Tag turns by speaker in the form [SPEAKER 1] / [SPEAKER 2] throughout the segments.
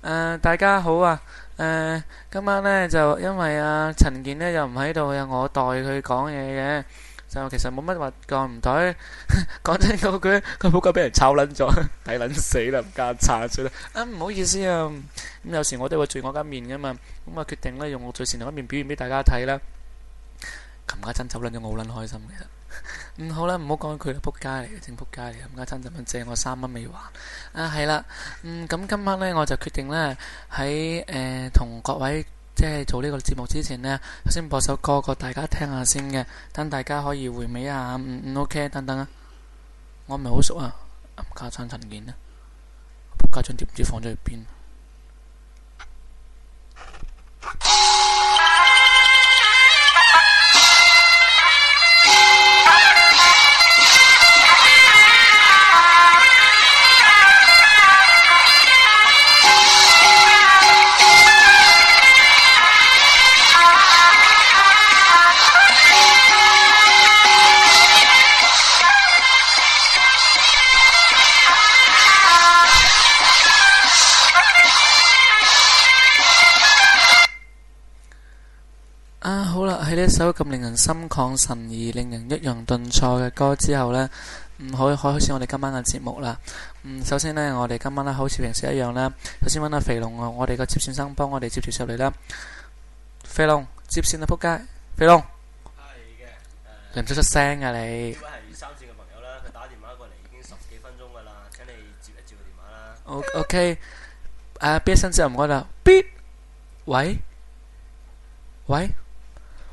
[SPEAKER 1] 誒、呃，大家好啊！誒、呃，今晚呢，就因為阿、啊、陳健呢，又唔喺度，有我代佢講嘢嘅，就其實冇乜話講唔對。講 真嗰句，佢好鬼俾人炒撚咗，睇 撚死啦！唔加叉出啦！啊，唔好意思啊，咁有時我都為住我間面噶嘛，咁啊決定呢，用我最善良一面表現俾大家睇啦。琴晚真炒撚咗，我好撚開心其實。 嗯好啦，唔好講佢啊，仆街嚟嘅正仆街嚟嘅，冚家鏟就問借我三蚊未還啊係啦，嗯咁今晚呢，我就決定呢，喺誒同各位即係做呢個節目之前呢，先播首歌過大家聽下先嘅，等大家可以回味一下。嗯唔、嗯、OK 等等啊，我唔係好熟啊，冚家鏟陳健啊，仆街張碟唔知放咗去邊。喺呢首咁令人心曠神怡、令人抑揚頓挫嘅歌之後呢，唔可以開始我哋今晚嘅節目啦。嗯，首先呢，我哋今晚呢好似平時一樣啦，首先搵阿肥龍啊，我哋個接線生幫我哋接住上嚟啦。肥龍，接線啊！撲街，肥龍，你唔使出聲啊！你呢位係三線嘅朋友啦，佢打電話過嚟已經十幾分鐘噶啦，請你接一接佢電話啦。O K，啊，B 聲聲唔該啦，B，喂，喂。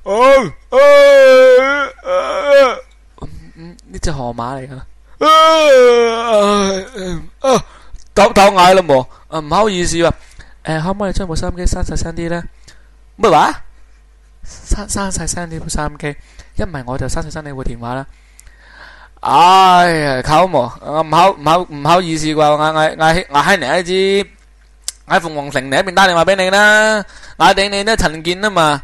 [SPEAKER 1] 哦，嗯，呢隻河馬嚟噶。啊，啊，豆豆嗌啦，冇，唔好意思啊。誒，可唔可以將部收音機閂細聲啲咧？乜話？閂閂細聲啲部收音機，一唔係我就閂細聲你部電話啦。哎呀，靠冇，我唔好唔好唔好意思啩，我我我喺我喺另一支喺鳳凰城另一邊打電話俾你啦。我頂你呢陳建啊嘛。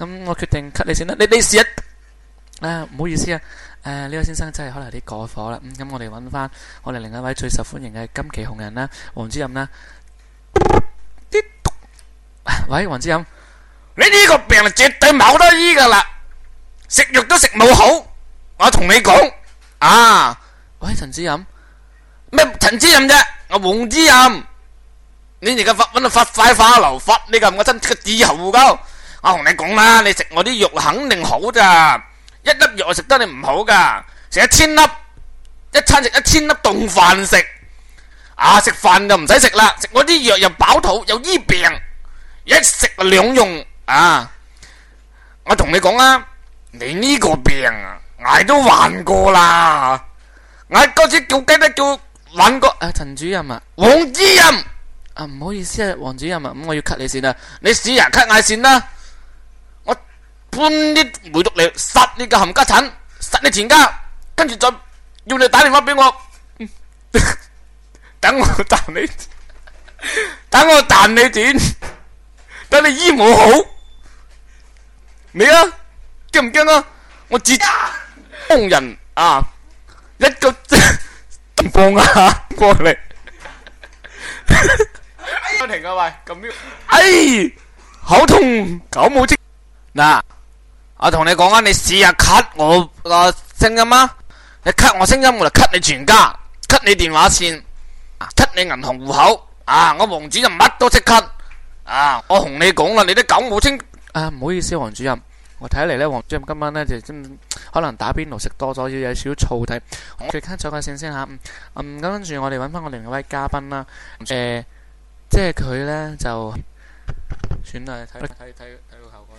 [SPEAKER 1] 咁我決定 cut 你先啦，你你試一啊唔好意思啊，誒呢位先生真係可能有啲過火啦，咁我哋揾翻我哋另一位最受歡迎嘅金旗紅人啦，王之任啦黃主任。喂，黃主任，你
[SPEAKER 2] 呢個病係絕對冇得醫噶啦，食肉都食冇好，我同你講啊。喂，陳主任，咩陳主任啫，我黃主任，你而家發温到發快化瘤，發你係唔係真係個字號噶？我同你講啦，你食我啲藥肯定好咋。一粒藥食得你唔好噶，食一千粒，一餐食一千粒凍飯食啊！食飯就唔使食啦，食我啲藥又飽肚又醫病，一食兩用啊！我同你講啊，你呢個病，
[SPEAKER 1] 我都患過啦，我嗰次叫雞得叫揾個誒陳主任啊，黃主任啊，唔，呃，唔好意思啊，黃主任啊，咁我要 cut 你，你、啊、cut 線啦，啊，你死人 cut 嗌線啦。搬啲梅毒嚟殺你個冚家鏟，
[SPEAKER 2] 殺你全家，跟住再要你打電話俾我，等我賺你，等我賺你錢，等你醫冇好，你啊驚唔驚啊？我自工人啊，一個勁放啊過嚟，暫停啊喂，咁樣，哎，好痛，好冇勁，嗱。我同你講啊，你試下 cut 我個聲音啊！你 cut 我聲音，我就 cut 你全家，cut 你電話線，cut 你銀行戶口啊！我黃主任乜都識 cut 啊！我同你
[SPEAKER 1] 講啦，你都搞冇清啊！唔好意思，黃主任，我睇嚟咧，黃主任今晚咧就真可能打邊爐食多咗，要有少少燥體，我截 cut 咗個線先吓。咁跟住我哋揾翻我另外一位嘉賓啦。誒，即係佢咧就算啦，睇睇睇睇個效果。